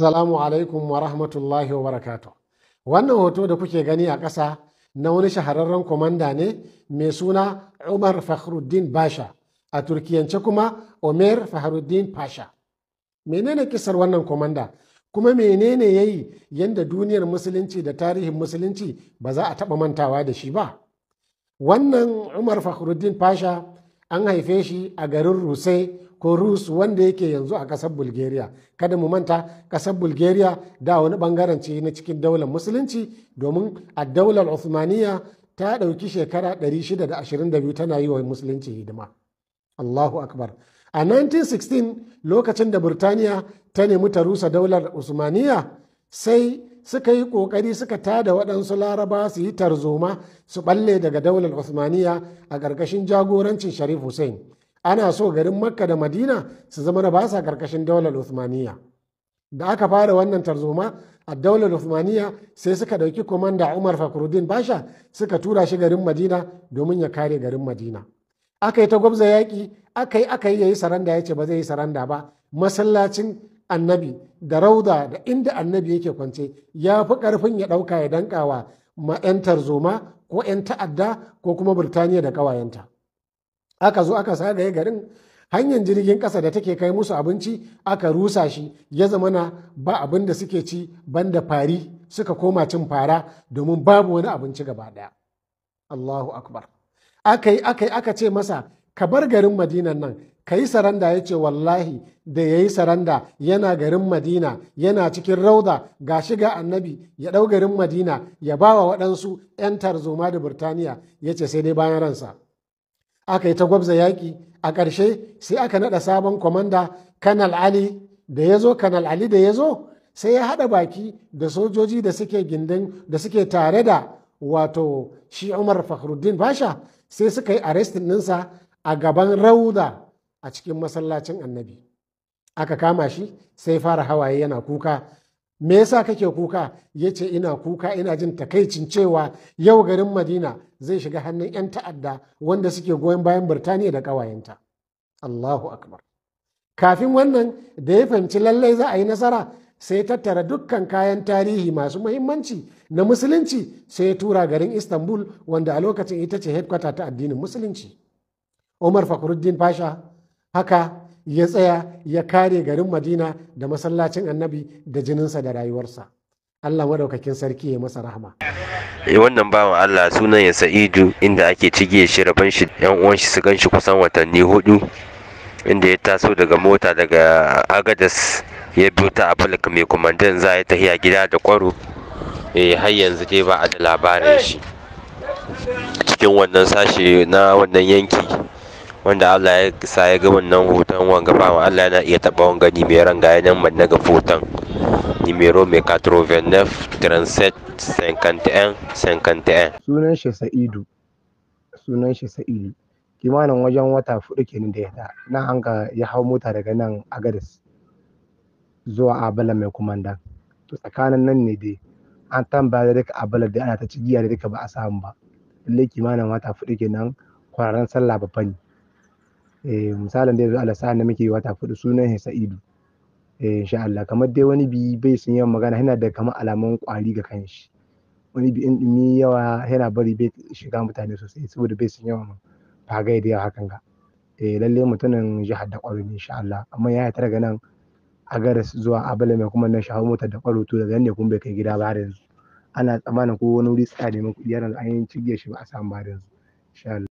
Assalamu alaikum wa rahmatullahi wa barakatuh. Wannan hoto da kuke gani a ƙasa na wani shahararren kwamanda ne mai suna Umar Fakhruddin Basha, a Turkiyance kuma Omer Fakhruddin Pasha. Menene kisar wannan kwamanda? Kuma menene ya yi yadda duniyar musulunci da tarihin musulunci ba za a taɓa mantawa da shi ba? Wannan Umar Fakhruddin Pasha an haife shi a garin rusai ko rus wanda yake yanzu a ƙasar bulgaria kada mu manta ƙasar bulgaria da wani ɓangaren ce na cikin daular musulunci domin a daular Uthmaniyya ta ɗauki shekara 622 tana yi wa musulunci hidima allahu akbar a 1916 lokacin da burtaniya ta nemi ta rusa daular usmaniya sai suka yi ƙoƙari suka tada waɗansu laraba su yi tarzoma su ɓalle daga daular Usmaniya a ƙarƙashin jagorancin Sharif Hussein. Ana so garin Makka da Madina su zama da basa ƙarƙashin daular Usmaniya. Da aka fara wannan tarzoma a daular Usmaniya sai suka ɗauki komanda Umar Fakhruddin Basha suka tura shi garin Madina domin ya kare garin Madina. Aka yi ta gwabza yaƙi, aka yi aka yi ya yi saranda ya ce ba zai yi saranda ba. Masallacin annabi da rauda da inda annabi yake kwance ya fi karfin ya ɗauka ya dankawa ma 'yan tarzoma ko 'yan ta'adda ko kuma birtaniya da ƙawayenta aka zo aka sa ya garin hanyar jirgin ƙasa da take kai musu abinci aka rusa shi ya na ba abin da suke ci banda fari suka koma cin fara domin babu wani abinci gaba ɗaya allahu akbar aka ce masa ka bar garin madinan nan ka yi saranda ya ce wallahi da ya yi saranda yana garin madina yana cikin rauda ga shiga annabi ya ɗau garin madina ya ba wa waɗansu 'yan tarzoma da birtaniya ya ce sai dai bayan ransa aka yi ta gwabza yaƙi a ƙarshe sai aka naɗa sabon kwamanda kanal ali da ya zo kanal ali da ya zo sai ya haɗa baki da sojoji da suke gindin da suke tare da wato shi umar fakhruddin basha sai suka yi arrestin ɗinsa a gaban rauda a cikin masallacin annabi aka kama shi sai fara hawaye yana kuka me yasa kake kuka ya ce ina kuka ina jin takaicin cewa yau garin madina zai shiga hannun 'yan ta'adda wanda suke goyon bayan birtaniya da ƙawayenta allahu akbar kafin wannan da ya fahimci lallai za a yi nasara sai tattara dukkan kayan tarihi masu muhimmanci na musulunci sai ya tura garin istanbul wanda a lokacin ita ce headquarter ta addinin musulunci umar fakhruddin fasha haka ya tsaya ya kare garin madina da masallacin annabi da jininsa da rayuwarsa allah madaukakin sarki ya masa rahama eh, wannan bawan Allah sunan ya Sa'idu inda ake cige shi rabon shi yan uwan shi su ganshi kusan watanni hudu inda ya taso daga mota daga Agadas ya biyo ta a falak mai kumandan za ya tahiya gida da kwaro eh har yanzu dai ba a da labarin shi cikin wannan sashe na wannan yanki wanda Allah ya sa ya ga wannan hoton wanga wa Allah yana iya taɓa wanga nimeron ga yanan man na hoton nimero mai 89 37 51 51 sunan shi sa'idu sunan shi sa'idu kimanin wajen wata fudu kenan da ya ta nan an ya hau mota daga nan agadis zuwa abala mai kumanda to tsakanin nan ne dai an tambaya da duka abala da ana ta cigiya da duka ba a samu ba lalle kimanin wata fudu nan kwararren sallah babba ne Eh, misalin da yanzu sa'an da muke wata fudu sunan sa'idu eh insha Allah kamar dai wani bi bai sun yawan magana yana da kamar alamun kwari ga kanshi wani bi in dumi yawa yana bari bai shiga mutane sosai saboda bai sun yawan fagai da yawa hakan ga eh, Lallai lalle mutumin jihar da kwaro ne insha Allah amma ya yi ga nan a garas zuwa abala mai kuma nan shahu motar da kwaro to daga ne kuma bai kai gida ba da yanzu ana tsammanin ko wani wuri tsaya neman kuɗi yana da an yi cigiyar shi ba a samu ba da yanzu insha Allah